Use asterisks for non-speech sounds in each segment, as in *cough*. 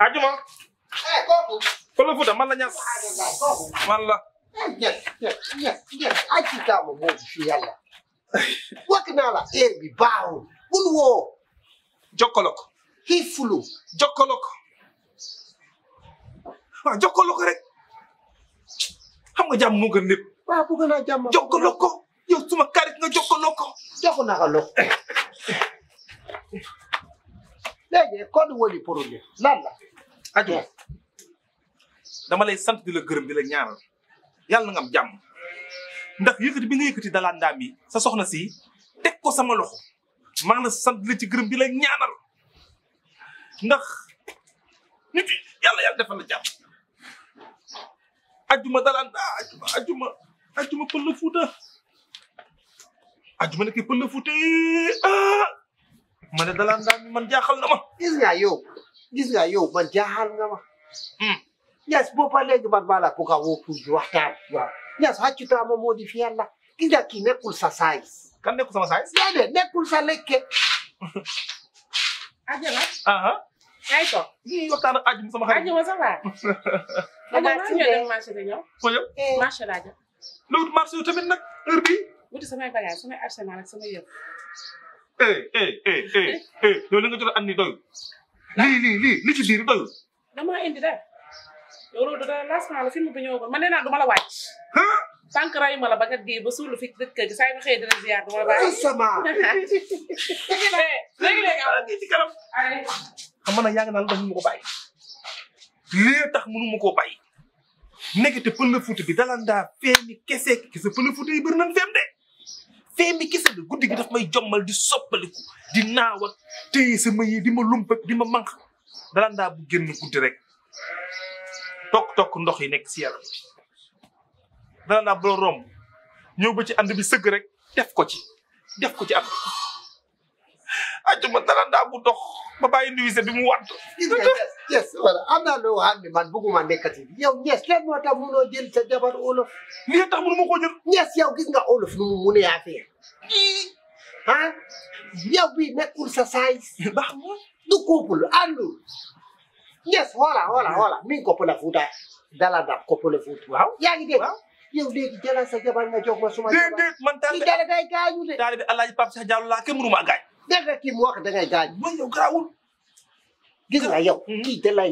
ajuma Colle eh, Fouta man la Niass man la. Niass eh, Niass bi baaxul bul woo. jokkaloo kii fulu. jokkaloo ko rek xam nga jàmm moo gën lépp. waaw suma karit nga jokkaloo ko. jokkoo naa ko lóko. Eh. léegi code ajuma ya. dama lay sante di la gërëm di la ñaanal yalla nga am jam ndax yëkëti iya bi nga yëkëti dala ndam bi sa soxna si tek ko sama loxo ma nga sante ah. di la ci geureum di la ñaanal ndax nit yalla yalla defal la jàmm ajuma dalaan daa ajuma ajuma ajuma pël la fuuta ajuma nekk pël la fuuta ah ma dala dalaan man jaxal na ma gis nga yow gis nga yow man jaaxal nga ma. ñaas boobu ba léegi man maa la ko ka woo pour waxtaan. waaw ñaas xàccutaa ma moo di fi yàlla. gis nekkul sa saayis. kan nekkul sama saayis. nekkul sa lekke. ajama. yaa ngi toog. yii waxtaan ak ajum sama xarit. ajuma ça la ñëw. foo ñëw. marché laa jëm. loolu marché yu tamit nag heure bii. wuti samay bagage samay arsenal ak samay yëf. eh eh nga jot a andi lii lii lii li ci biir doyul. damaa indi rek yow loolu da laas naa la film bi ñëwoon man nee naa du ma la wàcc. sànq rayu ma la ba nga dee ba suul fi dëkk gi saa yu ma xëyee dina ziar du ma la bàyyi. sama. léegi-léegi *laughs* am na ci kanam. xam nga nag yàgg naa la mënu ma ko bàyyi. lii tax mënu ma koo bàyyi. nekk te pël la fuuti bi dalandaa feeñ kese kese pël la fuuti yi bëri nañ feem de. fee mi kese bi guddi gi daf may jommal di soppaliku di naawal te téye sama yi di ma lumpak di ma manq dalaan daa bu génn guddi rek tokk-tokk ndox yi nekk si yaram bi romb ñëw ba ci ànd bi sëgg rek def ko ci def ko ci ak ajuma dara nda bu dox ba bàyyi nuisé bi mu ya, yes voilà am naa loo man bëgguma nekkati yow ñes lan moo tax munoo jël sa jabar olof lii tax mënuma ko jël ñes yow gis nga olof nu mu ah yow bi nekkul sa size baax mo du couple andu ñes voilà min ko pula fuuta dala dab ko pula fuut waaw yaa ngi dégg yow léegi jëlal sa jabar nga jox ma suma déedéet man kayak bi dara de taal bi alaaji pap dara ki mu wax da ngay gaañ. mooy yow garaawul. gis yow. kii da lay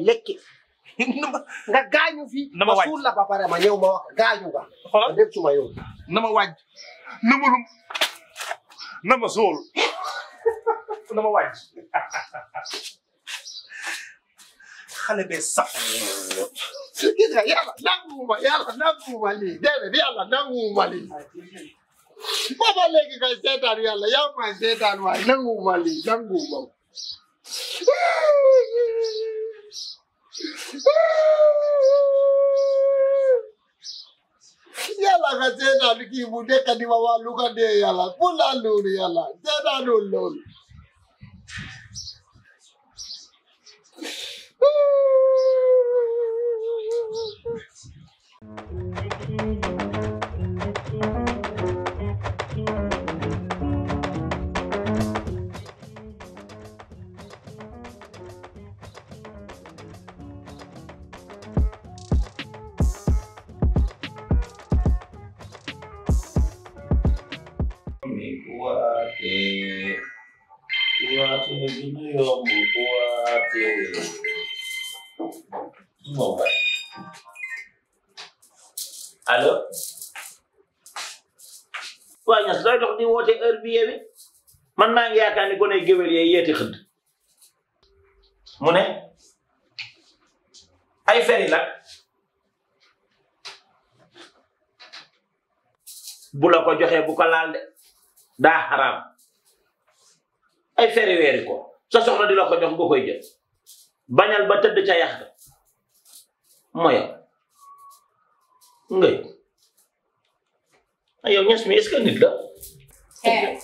nga gaañu fi. ma suul la ba pare ma ñew ma wax gaañu nga. xoolal dégg suma na ma waaj. na ma lum. na ma suul. na ma waaj. xale bee sax. gis nga yàlla nanguwuma yàlla nanguwuma lii déedéet yàlla nanguwuma lii. booba léegi kay seetaan yàlla yaa may seetaan waay nangu ma lii nangu ma yàlla ka seetaan kii bu dekka di ma waa lu ka dee yàlla bu laa seetaan loolu loolu Yatuhegemea Mungu wake. Mungu wake. Allo? Waa ñas looy dox di woote heure bi yeewi man maa ngi yaakaar gone géwél yee yeeti xëdd mu ne ay feri nag bu la ko joxee bu ko laal de daa xaraam ay féré wéré ko sa soxna di la ko jox nga jël bañal ba tëdd ca yax moyo ngay ayo ñass mi est-ce nit la eh.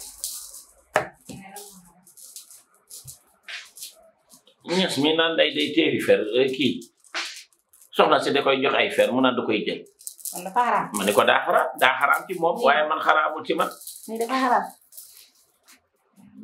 ñass mi nan day day téri fer eh, ki soxna ci da koy jox ay fer mu naan da koy jël man dafa haram man ni ko da haram da haram ci mom waye man xaraamul ci man ni dafa haram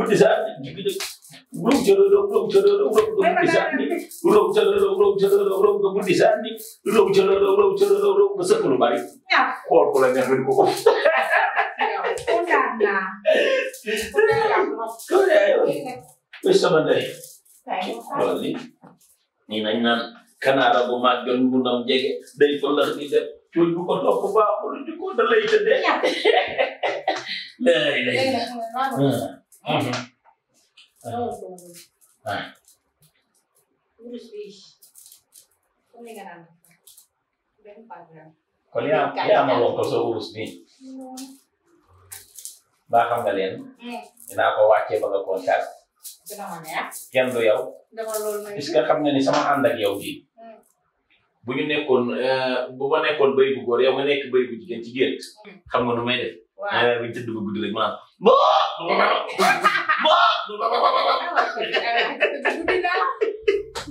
Berdesaannya begitu. Belum jodoh, belum jodoh, belum berdesaannya. Belum jodoh, belum jodoh, belum berdesaannya. Belum jodoh, belum jodoh, belum bersepuluh hari. Ya. Kol kolan yang lebih kukuh. Udah, nah. Udah, ya. Bisa mandai. Kalau ini, ini nanya kana rabu ma jon bu nam jege day ko lax ni def joj bu ko top baaxul di ko dalay tede la ilaha illallah Aha. Aha. Urus bis. Kumi ka naman. Ben pagra. Kaya, kaya mo ko sa urus ni. Bakam galin. Ina ko wake baga podcast. Kaya naman ya. Yan do yaw. Iska sama anda yaw di. bu ñu nekkoon eh, bu ma nekkoon bëy bu góor yow nga nekk bëy bu jigéen ci gént. Mm. xam nga nu may def. waaw maa ngi lay tëdd ba guddi rek ma bo ah,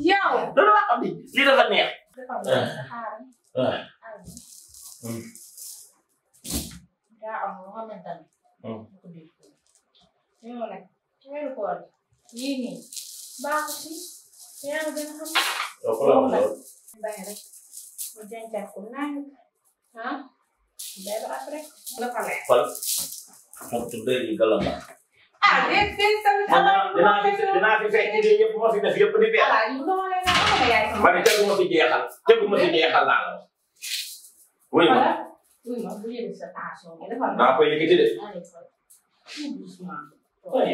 yow. loolu laa xam ne lii dafa neex. Ah. Ah. Mm. daa am lu xamante ne. Mm. yow nag weeru koor yii nii baaxu si yaa gën a xam. bay rek mu dencaat ko naan ah bay ba après dafa leer. Fal moom tuddee lii galama. ah léegi seen tamit. dinaa fi dinaa fi fekk ci yëpp ma fi def yëpp di beer. voilà ñu doon leen wax ma ne tegu ma fi jeexal tegu ma fi jeexal laa la. wuy ma wuy ma bu yëg sa tension bi dafa. naa ko yëkkati de. waaw waaw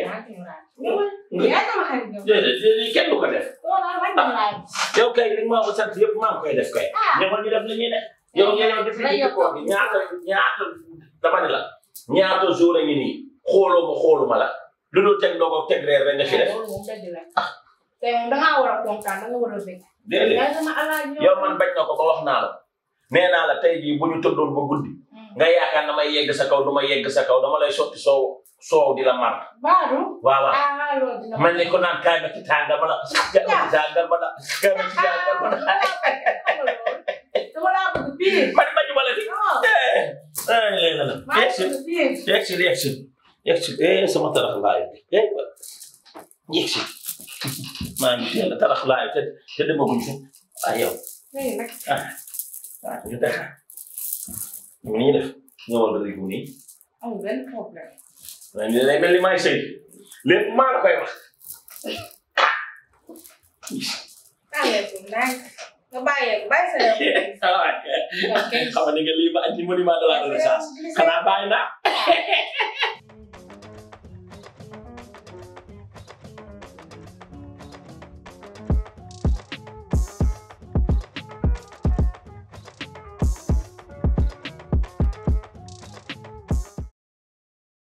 waaw. déedéet kenn du ko def. yow kay li ma dia sant yëpp maa ngi yang def kay ñëwal ñu yang yang di sini yow nga yow def li ko lah ñaata iya, gitu, gitu. ñaata ini ne mau ñaata malah dulu ngi nii xooloo ma xoolu ma la lu dul teg ndogo teg reer rek nga fi def ah te da ngaa war a kontaan da nga war a bëgg déedéet yow man bañ na ko ba wax naa la nee naa soow di la mar. waaw waaw man ne ko naan kaay ma ci tàngal ma la. kaay ma ci tàngal ma la kaay ma ci tàngal ma la. dama laa bëgg biir. man ma ñu ma la fi. ah léegi nag. maa ngi bëgg biir yegsi yegsi yegsi eh sama tarax laa yi eh yegsi maa ngi teel a tarax laa yi te te demaguñ fi ah yow. ah ah ñu def. ñu ngi def ñëwal ba léegi nii. amul benn problème. man de lay mel ni maay sëy lépp maa la koy wax. nga bàyyi bàyyi sa yow. *laughs* xam nga lii ba ci monument de la renaissance xanaa bàyyi naa. *laughs*